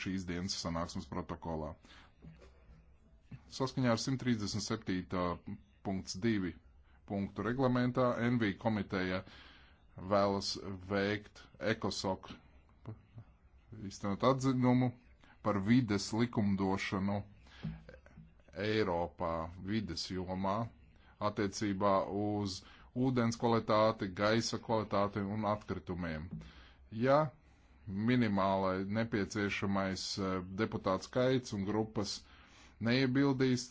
šīs dienas sanāksmes protokolā. Saskaņā ar 137. punkts 2 punktu reglamentā NV komiteja vēlas veikt ekosok iztenot atzinumu par vides likumdošanu Eiropā vides jomā attiecībā uz ūdens kvalitāti, gaisa kvalitāti un atkritumiem. Ja minimālai nepieciešamais eh, deputāts skaits un grupas neiebildīs,